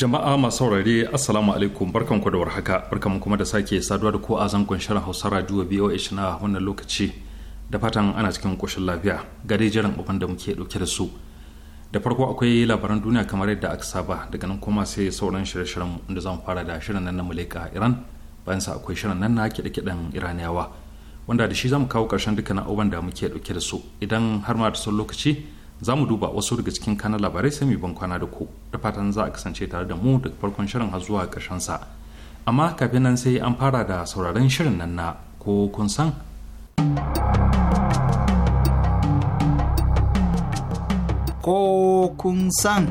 jama'a masu saurare assalamu alaikum barkan ku da warhaka barkan kuma da sake saduwa da ko a zangon shirin hausa radio boh na wannan lokaci da fatan ana cikin koshin lafiya ga dai jiran abin da muke dauke da su da farko akwai labaran duniya kamar yadda aka saba daga nan kuma sai sauran shirye-shiryen da zan fara da shirin nan na malaika iran bayan sa akwai shirin nan na kiɗe-kiɗen iraniyawa wanda da shi zamu kawo ƙarshen dukkanin abubuwan da muke dauke da su idan har ma da son lokaci za mu duba wasu daga cikin kana labarai sami mu ban kwana da ku da fatan za a kasance tare da mu daga farkon shirin har zuwa ƙarshen sa amma kafin nan sai an fara da sauraron shirin nan na ko kun san ko kun san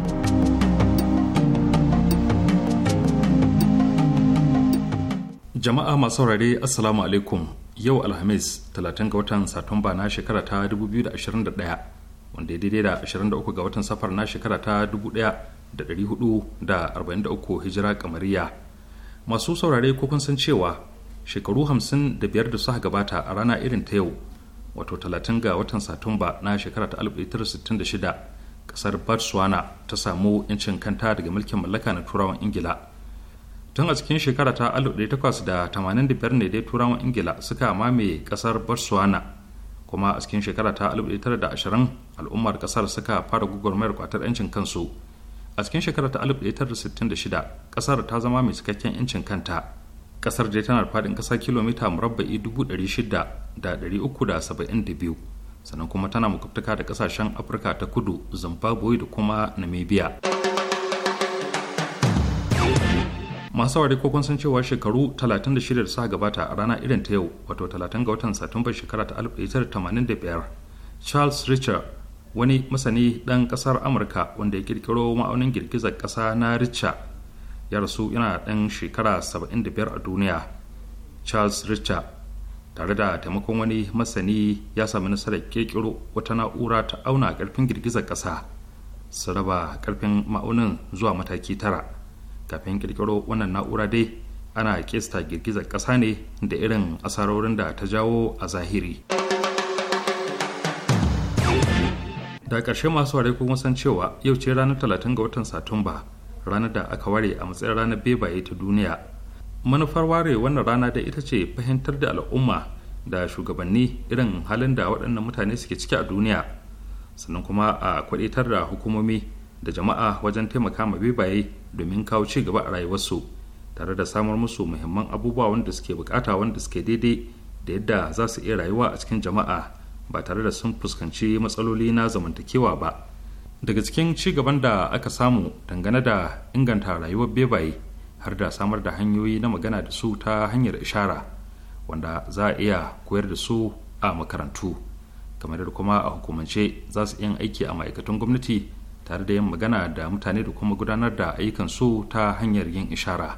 jama'a masu saurare assalamu alaikum yau alhamis 30 ga watan satumba na shekara ta 2021 wanda ya daidai da 23 ga watan safar na shekara ta 1443 hijira kamariya masu saurare ko kun san cewa shekaru 55 da suka gabata a rana irin ta yau wato 30 ga watan satumba na shekara ta 1966 kasar botswana ta samu 'yancin kanta daga mulkin mallaka na turawan ingila tun a cikin shekara ta 1885 ne dai turawan ingila suka mamaye kasar botswana kuma a cikin shekara ta al'ummar kasar suka fara gugurmayar kwatar 'yancin kansu a cikin shekarar ta 1966 kasar ta zama mai cikakken 'yancin kanta kasar dai tana faɗin ƙasa kilomita murabba'i 600,372 sannan kuma tana makwabtaka da ƙasashen afirka ta kudu zimbabwe da kuma namibia masu ware ko kun san cewa shekaru 36 da suka gabata a rana irin ta yau wato 30 ga watan satumbar shekara ta 1985 charles richard wani masani ɗan ƙasar amurka wanda ya ƙirƙiro ma'aunin girgizar ƙasa na richa ya rasu yana ɗan shekara 75 a duniya charles richa tare da taimakon wani masani ya sami nasarar ƙirƙiro wata na'ura ta auna ƙarfin girgizar ƙasa su raba ƙarfin ma'aunin zuwa mataki tara kafin ƙirƙiro wannan na'ura dai ana kesta girgizar ƙasa ne da irin asarorin da ta jawo a zahiri. da ƙarshe masu ware kuma san cewa yau ce ranar talatin ga watan satumba ranar da aka ware a matsayin ranar bebaye ta duniya manufar ware wannan rana da ita ce fahimtar da al'umma da shugabanni irin halin da waɗannan mutane suke ciki a duniya sannan kuma a kwaɗitar da hukumomi da jama'a wajen taimaka ma bebaye domin kawo ci gaba a rayuwarsu tare da samar musu muhimman abubuwa wanda suke bukata wanda suke daidai da yadda za su iya rayuwa a cikin jama'a ba tare da sun fuskanci matsaloli na zamantakewa ba daga cikin ci gaban da aka samu dangane da inganta rayuwar bebaye har da samar da hanyoyi na magana da su ta hanyar ishara wanda za a iya koyar da su a makarantu kamar da kuma a hukumance za su yin aiki a ma'aikatan gwamnati tare da yin magana da mutane da kuma gudanar da ayyukan su ta hanyar yin ishara.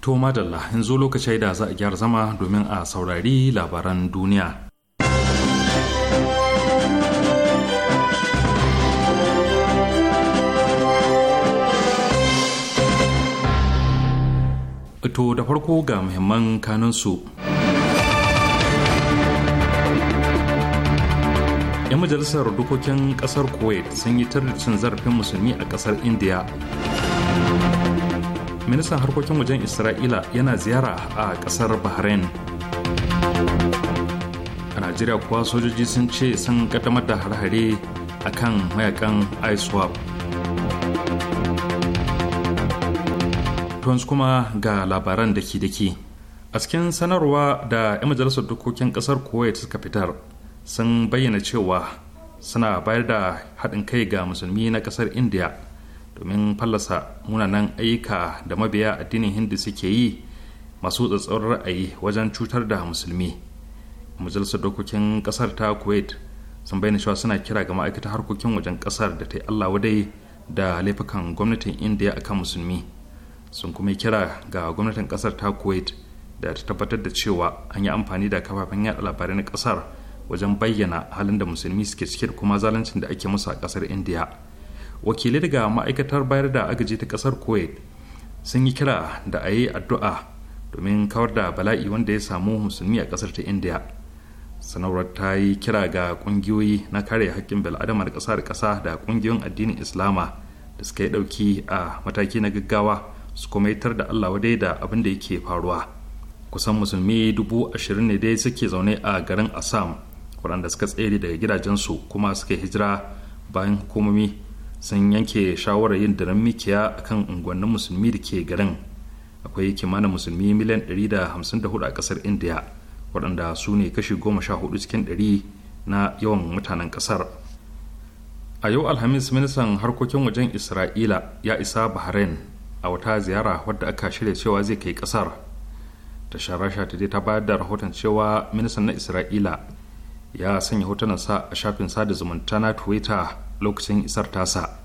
To madalla zo lokacin da za a gyara zama domin a saurari labaran duniya. To da farko ga muhimman kanunsu. 'Yan majalisar dokokin ƙasar Kuwait sun yi cin zarafin musulmi a ƙasar Indiya. ministan harkokin wajen isra'ila yana ziyara a kasar bahrain a najeriya kuwa sojoji sun ce sun kaddamar da har-hare a kan mayakan iswap tons kuma ga labaran daki-daki a cikin sanarwa da 'yan majalisar dokokin kasar kuwait suka fitar sun bayyana cewa suna bayar da haɗin kai ga musulmi na kasar Indiya. domin fallasa munanan ayyuka da mabiya addinin hindu suke yi masu tsatsauran ra'ayi wajen cutar da musulmi majalisar dokokin kasar ta kuwait sun bayyana cewa suna kira ga ma'aikatar harkokin wajen kasar da ta yi allah wadai da laifukan gwamnatin indiya akan musulmi sun kuma kira ga gwamnatin kasar ta kuwait da ta tabbatar da cewa an yi amfani da kafafen yada labarai na kasar wajen bayyana halin da musulmi suke cike da kuma zaluncin da ake musu a kasar indiya wakilai daga ma'aikatar bayar da agaji ta kasar kuwait sun yi kira da a yi addu'a domin kawar da bala'i wanda ya samu musulmi a kasar ta india sanarwar ta yi kira ga kungiyoyi na kare haƙƙin bil'adama da ƙasa da ƙasa da kungiyoyin addinin islama da suka yi ɗauki a mataki na gaggawa su kuma yitar da allah wadai da abin da yake faruwa kusan musulmi dubu ashirin ne dai suke zaune a garin assam waɗanda suka tsere daga gidajensu kuma suka hijira bayan hukumomi sun yanke shawarar yin daren mikiya a kan unguwannin musulmi da ke garin akwai kimanin musulmi miliyan 154 a kasar india waɗanda su ne kashi 14 cikin 100 na yawan mutanen kasar a yau alhamis ministan harkokin wajen isra'ila ya isa bahrain a wata ziyara wadda aka shirya cewa zai kai kasar tashar rasha ta ta bayar da rahoton cewa ministan na isra'ila ya sanya hotunansa a shafin sada zumunta na twitter lokacin isar tasa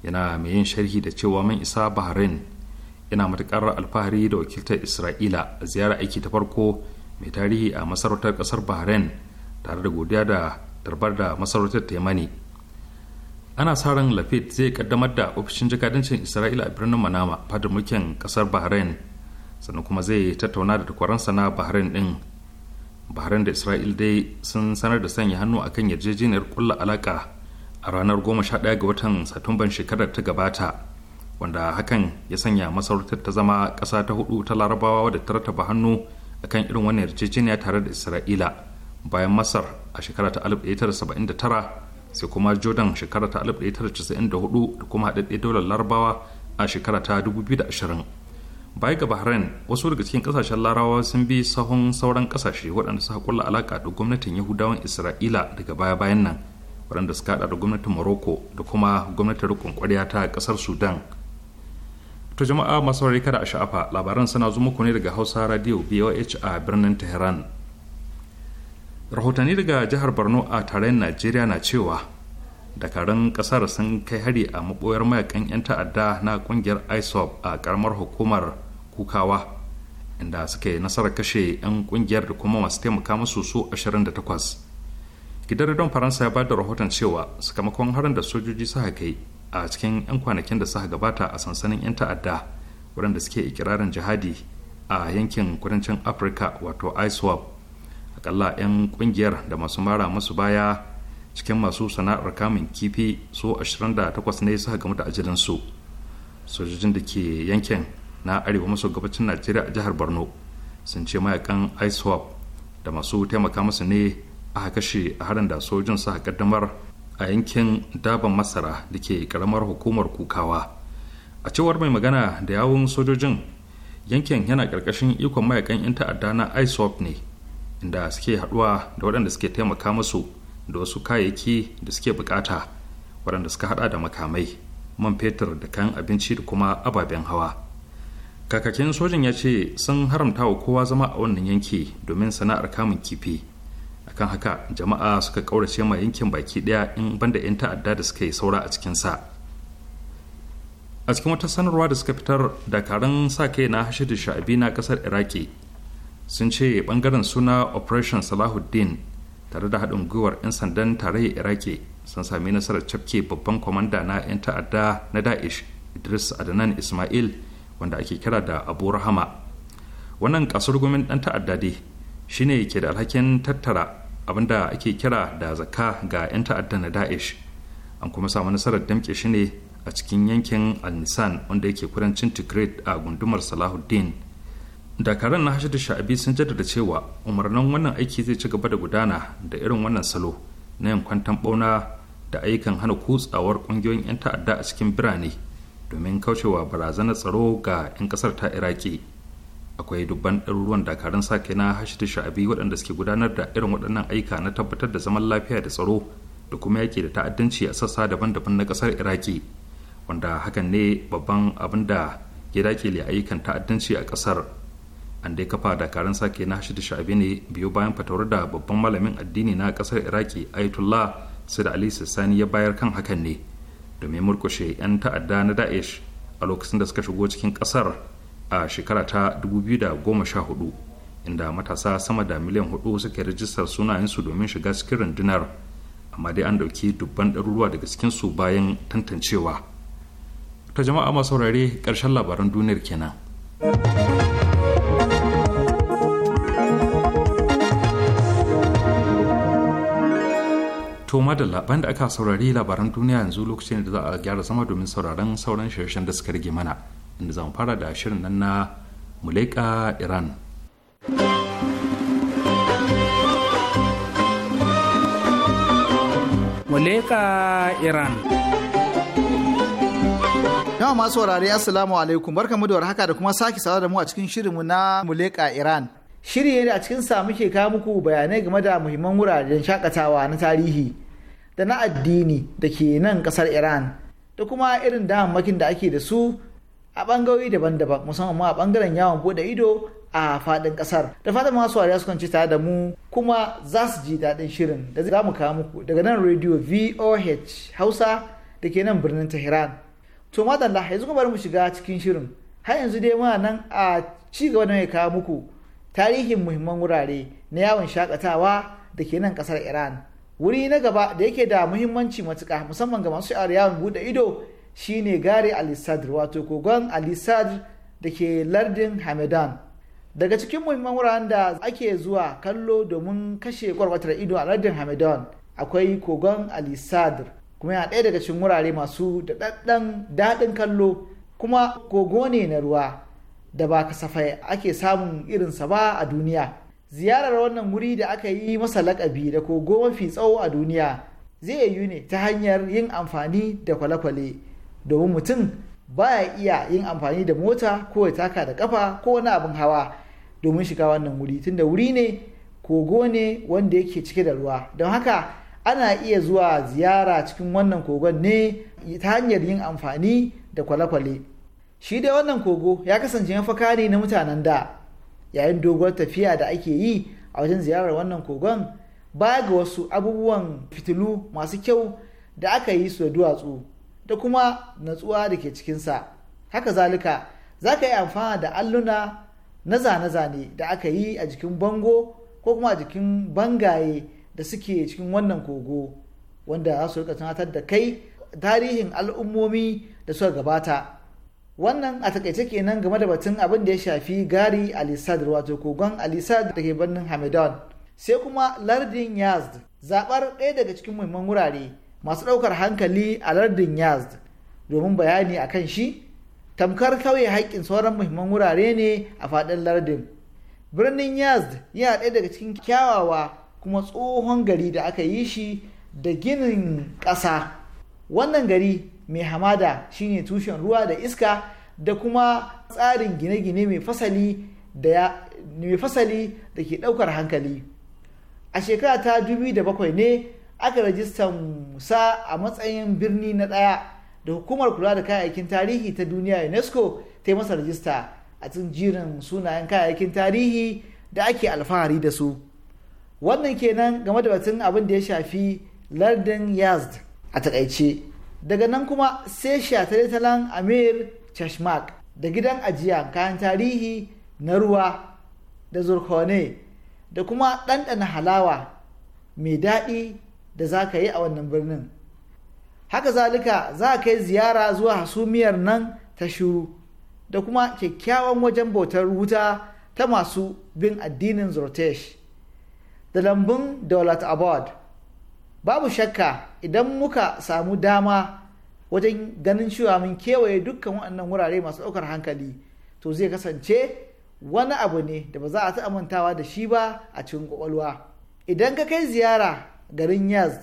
yana mai yin sharhi da cewa man isa bahrain yana matuƙar alfahari da wakiltar isra'ila a ziyarar aiki ta farko mai tarihi a masarautar ƙasar bahrain tare da godiya da tarbar da masarautar taimani ana sa ran lafit zai kaddamar da ofishin jakadancin isra'ila a birnin manama fadar mulkin ƙasar bahrain sannan kuma zai tattauna da takwaransa na bahrain din bahrain da isra'il dai sun sanar da sanya hannu akan yarjejeniyar kulla alaka a ranar 11 ga watan satumban shekarar ta gabata wanda hakan ya sanya masarautar ta zama ƙasa ta hudu ta larabawa da ta rataba hannu akan irin wannan yarjejeniya tare da isra'ila bayan masar a shekara ta 1979 sai kuma jordan shekara ta 1994 da kuma haɗaɗɗe daular larabawa a shekara ta 2020 baya ga bahrain wasu daga cikin kasashen larabawa sun bi sahun sauran ƙasashe waɗanda suka kulla alaka da gwamnatin yahudawan isra'ila daga baya bayan nan waɗanda suka haɗa da gwamnatin morocco da kuma gwamnatin rukun kwarya ta ƙasar sudan to jama'a masu rarri kada a sha'afa labaran suna zo muku ne daga hausa radio boh a birnin tehran rahotanni daga jihar borno a tarayyar najeriya na cewa dakarun ƙasar sun kai hari a maɓoyar mayakan 'yan ta'adda na ƙungiyar isop a ƙaramar hukumar kukawa inda suka yi nasarar kashe 'yan ƙungiyar da kuma masu taimaka musu su 28 gidan don faransa ya ba da rahoton cewa sakamakon harin da sojoji suka kai a cikin 'yan kwanakin da suka gabata a sansanin 'yan ta'adda waɗanda suke ikirarin jihadi a yankin kudancin afirka wato iswap akalla 'yan kungiyar da masu mara masu baya cikin masu sana'ar kamun kifi su 28 ne suka gamu da ajalinsu sojojin da ke yankin na arewa maso gabacin najeriya a jihar borno sun ce mayakan iswap da masu taimaka musu ne a kashe a harin da sojin suka kaddamar a yankin daban masara da ke karamar hukumar kukawa a cewar mai magana da yawun sojojin yankin yana karkashin ikon mayakan 'yan ta'adda na isop ne inda suke haduwa da waɗanda suke taimaka musu da wasu kayayyaki da suke bukata waɗanda suka hada da makamai man fetur da kayan abinci da kuma ababen hawa kakakin sojin ya ce sun haramta wa kowa zama a wannan yanki domin sana'ar kamun kifi akan haka jama'a suka kaurace ma yankin baki daya in banda 'yan ta'adda da suka yi saura a cikinsa a cikin wata sanarwa da suka fitar dakarun sa kai na hashidu sha'abi na kasar iraki sun ce bangaren suna operation salahuddin tare da haɗin gwiwar 'yan sandan tarayyar iraki sun sami nasarar cafke babban kwamanda na 'yan ta'adda na da'ish idris adnan ismail wanda ake kira da abu rahama wannan kasar gwamnatin ɗan ta'adda dai shine ke da alhakin tattara abinda ake kira da zakka ga 'yan ta'adda na da'ish an kuma samu nasarar damke shi ne a cikin yankin al-nisan wanda yake kudancin tigray a gundumar salahuddin dakaran na hashidu sha'abi sun jaddada cewa umarnin wannan aiki zai ci gaba da gudana da irin wannan salo na yin kwantan bauna da ayyukan hana kutsawar kungiyoyin 'yan ta'adda a cikin birane domin kaucewa barazanar tsaro ga 'yan kasar ta iraki akwai dubban ɗaruruwan dakarun sake na hashtag sha'abi waɗanda suke gudanar da irin waɗannan aika na tabbatar da zaman lafiya da tsaro da kuma yaƙi da ta'addanci a sassa daban-daban na ƙasar iraki wanda hakan ne babban abin da ya le ayyukan ta'addanci a ƙasar an dai kafa dakarun sake na hashtag sha'abi ne biyu bayan fatawar da babban malamin addini na ƙasar iraki ayatollah sai da ali sani ya bayar kan hakan ne domin murkushe 'yan ta'adda na da'ish a lokacin da suka shigo cikin ƙasar. a shekara ta 2014 inda matasa sama da miliyan hudu suka rajistar sunayensu domin shiga cikin rundunar amma dai an ɗauki dubban ɗaruruwa daga cikin su bayan tantancewa ta jama'a masu saurare ƙarshen labaran duniyar kenan to da bayan da aka saurari labaran duniya yanzu lokacin da za a gyara zama domin sauraron sauran shirye da suka rage mana inda zamu fara da shirin nan na muleka iran muleka iran yawan masu saurari assalamu alaikum barkamu da warhaka da kuma sake sawa da mu a cikin shirinmu na muleka iran shiri ne a cikin sa muke kawo muku bayanai game da muhimman wuraren shakatawa na tarihi da na addini da ke nan kasar iran da kuma irin damammakin da ake da su a bangarori daban-daban musamman ma a bangaren yawon bude ido a faɗin kasar da fatan masu wariya su kwanci tare da mu kuma za su ji daɗin shirin da za mu kawo muku daga nan radio voh hausa da ke nan birnin tehran to madalla yanzu kuma bari mu shiga cikin shirin har yanzu dai muna nan a ci gaba da mai kawo muku tarihin muhimman wurare na yawon shakatawa da ke nan kasar iran wuri na gaba da yake da muhimmanci matuka musamman ga masu sha'awar yawon bude ido shine gari alisadr wato kogon alisadr da ke lardin hamadan daga cikin muhimman wuraren da ake zuwa kallo domin kashe kwarwatar ido a lardin hamadan akwai kogon alisadr kuma yana ɗaya daga cikin wurare masu daɗaɗɗen daɗin kallo kuma kogo ne na ruwa da ba kasafai ake samun irinsa ba a duniya ziyarar wannan wuri da aka yi masa lakabi da kogo mafi tsawo a duniya zai yi ne ta hanyar yin amfani da kwale-kwale domin mutum baya iya yin amfani da mota ko ya taka da kafa ko wani abin hawa domin shiga wannan wuri tunda wuri ne kogo ne wanda yake cike da ruwa don haka ana iya zuwa ziyara cikin wannan kogon ne ta hanyar yin amfani da kwale-kwale shi dai wannan kogo ya kasance mafaka ne na mutanen da yayin doguwar tafiya da ake yi a wajen ziyarar wannan kogon ba ga wasu abubuwan fitilu masu kyau da aka yi su da duwatsu da kuma natsuwa da ke cikinsa haka zalika za ka yi amfana da alluna na zane-zane da aka yi a jikin bango ko kuma a jikin bangaye da suke cikin wannan kogo wanda za su rika tunatar da kai tarihin al'ummomi da suka gabata wannan a takaice kenan game da batun abin da ya shafi gari alisad wato kogon alisad da ke birnin hamadan sai kuma lardin yazd zabar ɗaya daga cikin muhimman wurare masu ɗaukar hankali a lardin yazd domin bayani a kan shi tamkar kauye haƙƙin sauran muhimman wurare ne a faɗin lardin birnin yazd yana ɗaya daga cikin kyawawa kuma tsohon gari da aka yi shi da ginin ƙasa wannan gari mai hamada shine tushen ruwa da iska da kuma tsarin gine-gine mai fasali da ke ɗaukar hankali a shekara ta 2007 ne aka rajistan Musa a matsayin birni na ɗaya da hukumar kula da kayayyakin tarihi ta duniya unesco ta yi masa rajista a cikin jirin sunayen kayayyakin tarihi da ake alfahari da su wannan kenan game da batun abin da ya shafi lardin yazd a takaice daga nan kuma sai talan amir chashmak da gidan ajiya kayan tarihi na ruwa da zurkone da kuma ɗanɗana halawa mai daɗi da za ka yi a wannan birnin haka zalika za ka yi ziyara zuwa hasumiyar nan ta shuru da kuma kyakkyawan wajen bautar wuta ta masu bin addinin zortesh da lambun dolat abad babu shakka idan muka samu dama wajen ganin cewa mun kewaye dukkan waɗannan wurare masu ɗaukar hankali to zai kasance wani abu ne da ba za a ta amintawa da shi ba a cikin ƙwaƙwalwa idan ka kai ziyara garin yaz,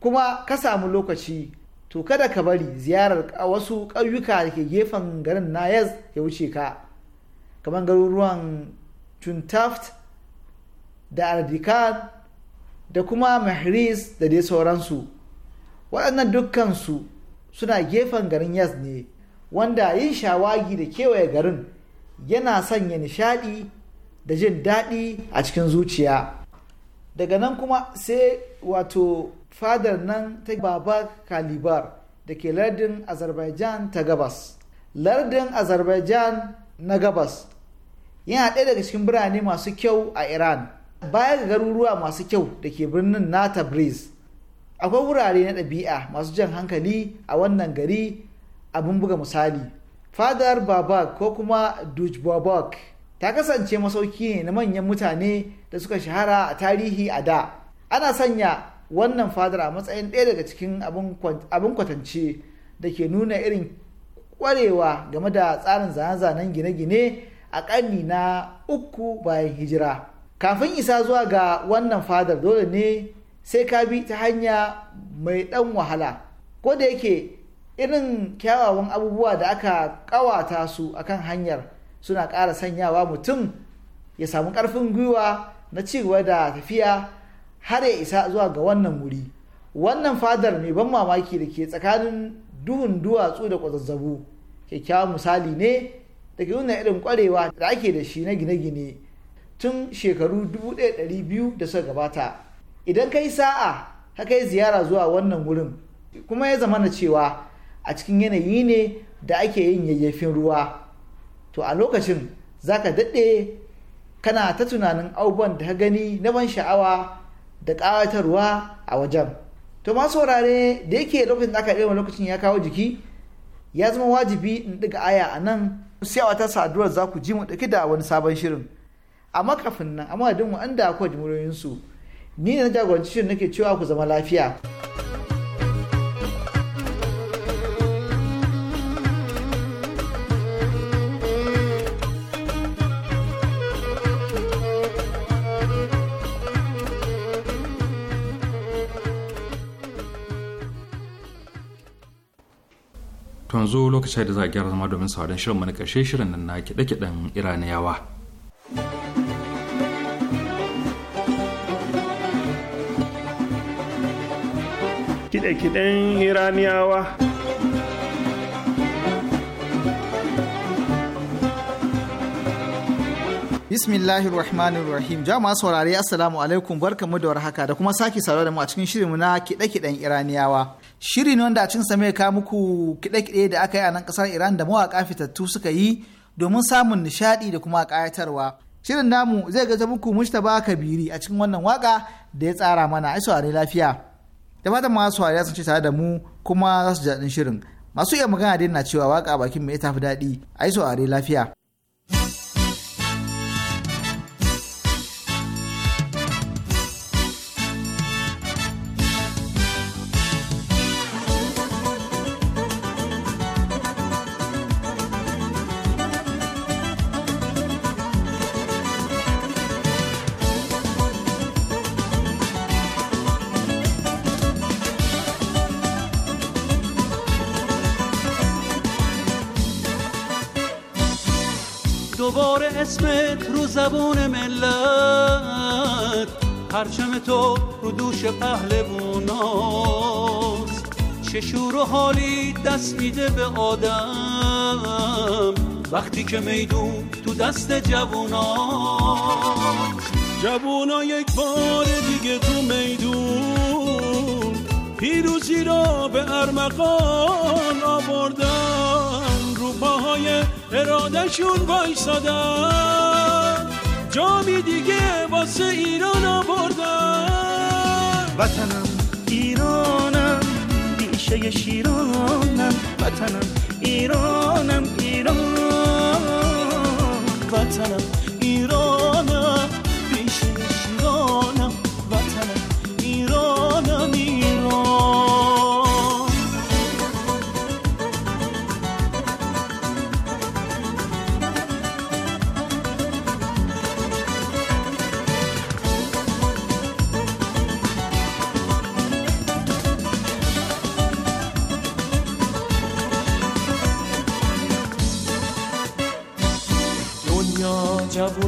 kuma ka samu lokaci to kada ka bari ziyarar wasu ƙauyuka da ke gefen garin na yaz ya wuce ka kamar garuruwan tuntaft da ardikan da kuma mahris da dai sauransu waɗannan dukkansu suna gefen garin yaz ne wanda yin shawagi da kewaye garin yana sanya nishaɗi da jin daɗi a cikin zuciya daga nan kuma sai wato fadar nan ta baba kalibar da ke lardin azerbaijan ta gabas lardin azerbaijan na gabas yana ɗaya daga cikin birane masu kyau a iran baya ga garuruwa masu kyau da ke birnin na tabriz akwai wurare na ɗabi'a masu jan hankali a wannan gari abin buga misali fadar babak ko kuma duj babak ta kasance masauki ne na manyan mutane da suka shahara a tarihi a da ana sanya wannan fadar a matsayin ɗaya daga cikin abin kwatance da ke nuna irin ƙwarewa game da tsarin zane-zanen gine-gine a ƙarni na uku bayan hijira kafin isa zuwa ga wannan fadar dole ne sai ka bi ta hanya mai ɗan wahala ko da yake irin kyawawan abubuwa da aka ƙawata su akan hanyar suna ƙara sanyawa mutum ya samu ƙarfin gwiwa na ci gaba da tafiya har ya isa zuwa ga wannan wuri wannan fadar mai ban mamaki da ke tsakanin duhun duwatsu da kwazazzabu kyakkyawan misali ne da nuna irin kwarewa da ake da shi na gine-gine tun shekaru 1200 da suka gabata idan kai sa'a ka kai ziyara zuwa wannan wurin kuma ya zama na cewa a cikin yanayi ne da ake yin yayyafin ruwa to a lokacin za ka daɗe kana ta tunanin abubuwan da ka gani na ban sha'awa da ƙawatarwa a wajen to ma saurare da yake lokacin da aka ɗaya lokacin ya kawo jiki ya zama wajibi in ɗiga aya a nan sai a wata saduwar za ku ji mu ɗauki da wani sabon shirin amma kafin nan amma da mu an da akwai jimurorinsu ni na jagoranci shirin nake cewa ku zama lafiya. to lokaci lokacin da za a gyara zama domin sauran shirin mana karshe shirin nan na kiɗe-kiɗen iraniyawa kiɗe-kiɗen iraniyawa Bismillahir Rahmanir Rahim. Jama'a saurare Assalamu alaikum barkamu da warhaka da kuma sake saurare mu a cikin shirinmu na kiɗe-kiɗen Iraniyawa. shiri ne wanda a cin same ka muku kiɗe-kiɗe da aka yi a nan ƙasar Iran da mawaƙa fitattu suka yi domin samun nishaɗi da kuma ƙayatarwa. Shirin namu zai gaza muku Mustapha Kabiri a cikin wannan waka da ya tsara mana a saurari lafiya. Da fatan masu saurari sun ce tare da mu kuma za su ji daɗin shirin. Masu iya magana dai na cewa waka bakin mai tafi daɗi a saurari lafiya. دوباره اسمت رو زبون ملت پرچم تو رو دوش پهلووناست چه شور و حالی دست میده به آدم وقتی که میدون تو دست جوونا جوونا یک بار دیگه تو میدون پیروزی را به ارمغان آوردن پاهای ارادشون وایسادن جامی دیگه واسه ایران آوردن وطنم ایرانم بیشه شیرانم وطنم ایرانم ایران وطنم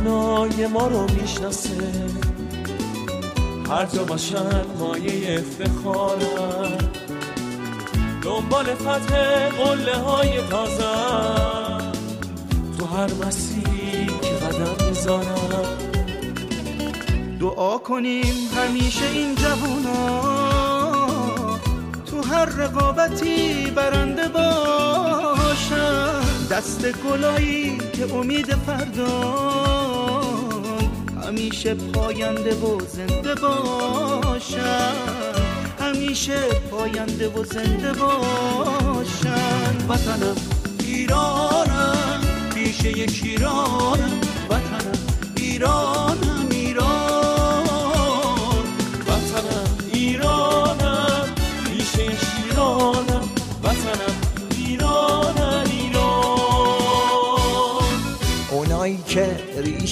معنای ما رو میشناسه هر جا باشد مایه افتخارم دنبال فتح قله های تازه تو هر مسیری که قدم میذارم دعا کنیم همیشه این جوانا تو هر رقابتی برنده باشن دست گلایی که امید فردا همیشه پاینده و زنده باشن همیشه پاینده و زنده باشن وطنم ایرانم پیش یک ایرانم وطنم ایران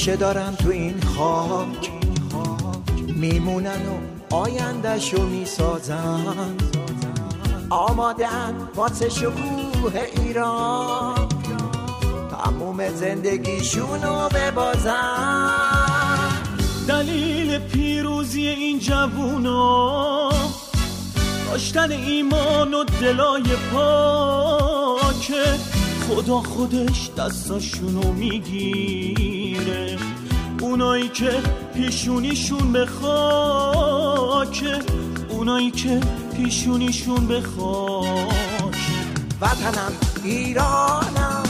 ریشه دارن تو این خاک میمونن و آیندهشو میسازن آمادن واسه شکوه ایران تموم زندگیشونو ببازن دلیل پیروزی این جوونا داشتن ایمان و دلای پاکه خدا خودش دستاشونو میگیر. اونایی که پیشونیشون به خاکه اونایی که پیشونیشون به وطنم ایرانم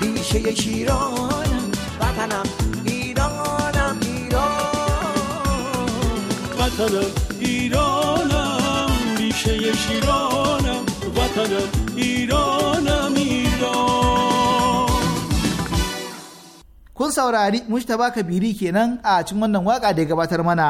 بیشه شیرانم وطنم ایرانم ایران وطنم ایرانم بیشه شیرانم وطنم ایران kun saurari Mustapha Kabiri kenan a cikin wannan waka da ya gabatar mana.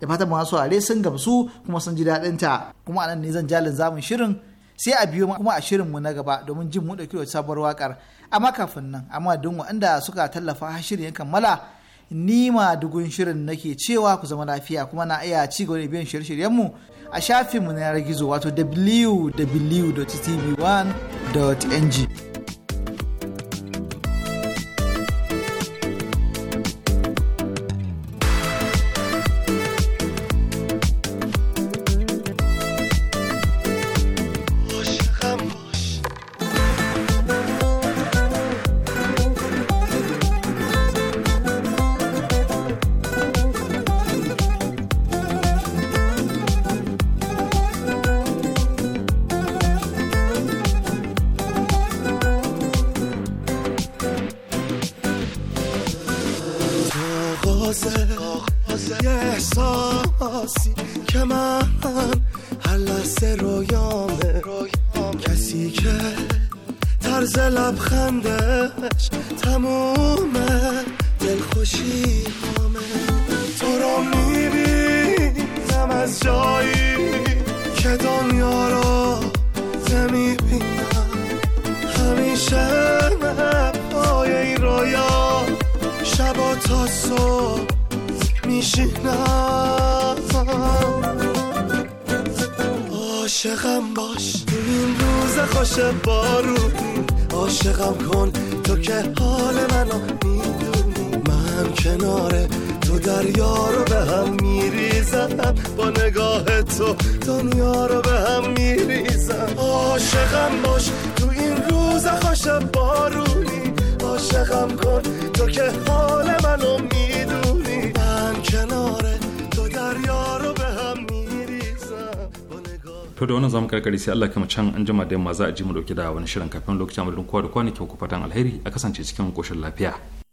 Da fatan masu saurare sun gamsu kuma sun ji daɗin ta. Kuma anan ne zan jalin zamun shirin sai a biyo kuma a shirin mu na gaba domin jin mu dauki sabuwar wakar. Amma kafin nan amma don waɗanda suka tallafa shirin ya kammala ni ma dugun shirin nake cewa ku zama lafiya kuma na iya ci gaba da biyan shirye shiryen mu a shafin mu na yanar gizo wato www.tv1.ng. تا صبح میشینم عاشقم باش تو این روز خوش بارونی عاشقم کن تو که حال منو میدونی من کنار تو دریا رو به هم میریزم با نگاه تو دنیا رو به هم میریزم عاشقم باش تو این روز خوش بارونی عاشقم کن تو که حال منو میدونی من کنار تو دریا رو به هم to da wannan zamu karkare sai Allah kama can an jima da yamma za a ji mu dauke da wani shirin kafin lokacin amadadin kowa da kwanaki ku fatan alheri a kasance cikin koshin lafiya